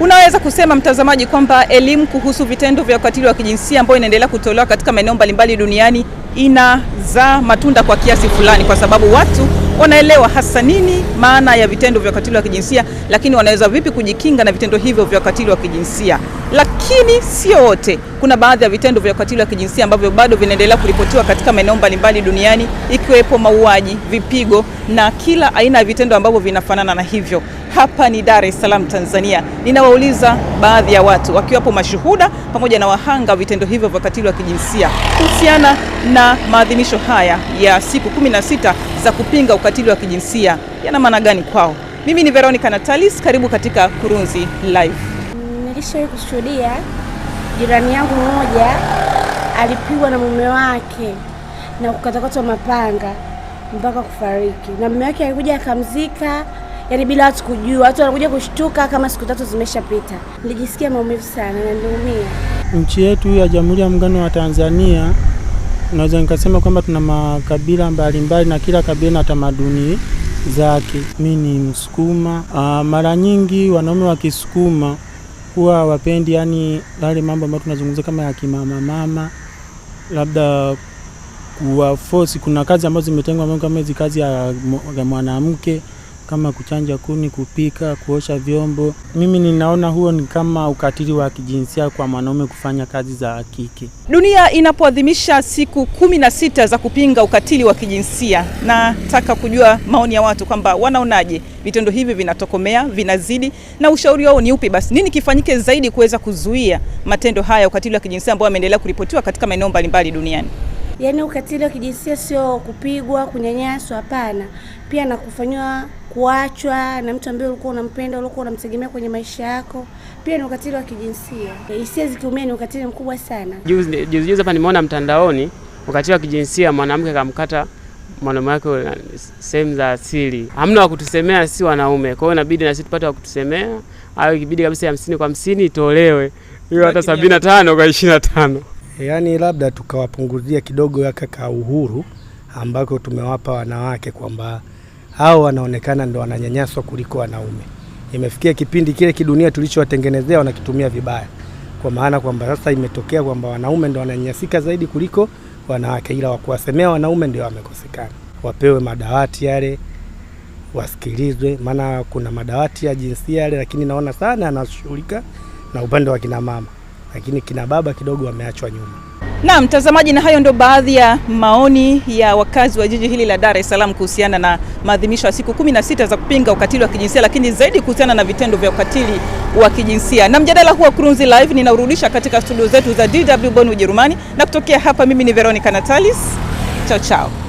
Unaweza kusema mtazamaji, kwamba elimu kuhusu vitendo vya ukatili wa kijinsia ambayo inaendelea kutolewa katika maeneo mbalimbali duniani inazaa matunda kwa kiasi fulani, kwa sababu watu wanaelewa hasa nini maana ya vitendo vya ukatili wa kijinsia, lakini wanaweza vipi kujikinga na vitendo hivyo vya ukatili wa kijinsia lakini sio wote. Kuna baadhi ya vitendo vya ukatili wa kijinsia ambavyo bado vinaendelea kuripotiwa katika maeneo mbalimbali duniani ikiwepo mauaji, vipigo na kila aina ya vitendo ambavyo vinafanana na hivyo. Hapa ni Dar es Salaam, Tanzania. Ninawauliza baadhi ya watu wakiwapo mashuhuda pamoja na wahanga vitendo hivyo vya ukatili wa kijinsia kuhusiana na maadhimisho haya ya siku kumi na sita za kupinga ukatili wa kijinsia yana maana gani kwao? Mimi ni Veronica Natalis, karibu katika Kurunzi Live nilishawahi kushuhudia jirani yangu mmoja alipigwa na mume wake na kukatakatwa mapanga mpaka kufariki, na mume wake alikuja akamzika, yani bila watu kujua. Watu wanakuja kushtuka kama siku tatu zimeshapita. Nilijisikia maumivu sana na niliumia. Nchi yetu ya Jamhuri ya Muungano wa Tanzania, naweza nikasema kwamba tuna makabila mbalimbali mbali, na kila kabila na tamaduni zake. Mi ni Msukuma. Ah, mara nyingi wanaume wa Kisukuma huwa wapendi yani yale mambo ambayo tunazungumza kama ya kimama mama, labda force Kuna kazi ambazo zimetengwa kama hizi kazi ya mwanamke kama kuchanja kuni, kupika, kuosha vyombo. Mimi ninaona huo ni kama ukatili wa kijinsia kwa mwanaume kufanya kazi za kike. Dunia inapoadhimisha siku kumi na sita za kupinga ukatili wa kijinsia, nataka kujua maoni ya watu kwamba wanaonaje vitendo hivi, vinatokomea, vinazidi, na ushauri wao ni upi? Basi nini kifanyike zaidi kuweza kuzuia matendo haya ya ukatili wa kijinsia ambayo yameendelea kuripotiwa katika maeneo mbalimbali duniani? Yaani ukatili wa kijinsia sio kupigwa, kunyanyaswa, hapana, pia na kufanyiwa kuachwa na mtu ambaye ulikuwa unampenda, ulikuwa unamtegemea kwenye maisha yako, pia ni ukatili wa kijinsia. Hisia zikiumia ni ukatili mkubwa sana. Juzi juzi hapa nimeona mtandaoni ukatili wa kijinsia, mwanamke kamkata mwanaume wake sehemu za asili. Hamna wa kutusemea si wanaume, kwa hiyo inabidi na sisi tupate wa kutusemea, au ikibidi kabisa hamsini kwa hamsini itolewe hiyo, hata sabini na tano kwa ishirini na tano yaani labda tukawapunguzia kidogo yaka ka uhuru ambako tumewapa wanawake kwamba hao wanaonekana ndo wananyanyaswa kuliko wanaume. Imefikia kipindi kile kidunia tulichowatengenezea wanakitumia vibaya, kwa maana kwamba sasa imetokea kwamba wanaume ndo wananyanyasika zaidi kuliko wanawake, ila wakuwasemea wanaume ndio wamekosekana. Wapewe madawati yale, wasikilizwe, maana kuna madawati ya jinsia yale, lakini naona sana anashughulika na upande wa kinamama lakini kina baba kidogo wameachwa nyuma. Na mtazamaji, na hayo ndio baadhi ya maoni ya wakazi wa jiji hili la Dar es Salaam kuhusiana na maadhimisho ya siku 16 za kupinga ukatili wa kijinsia, lakini zaidi kuhusiana na vitendo vya ukatili wa kijinsia. Na mjadala huu wa Kurunzi Live ninaurudisha katika studio zetu za DW Bonn, Ujerumani, na kutokea hapa mimi ni Veronica Natalis. Chao chao.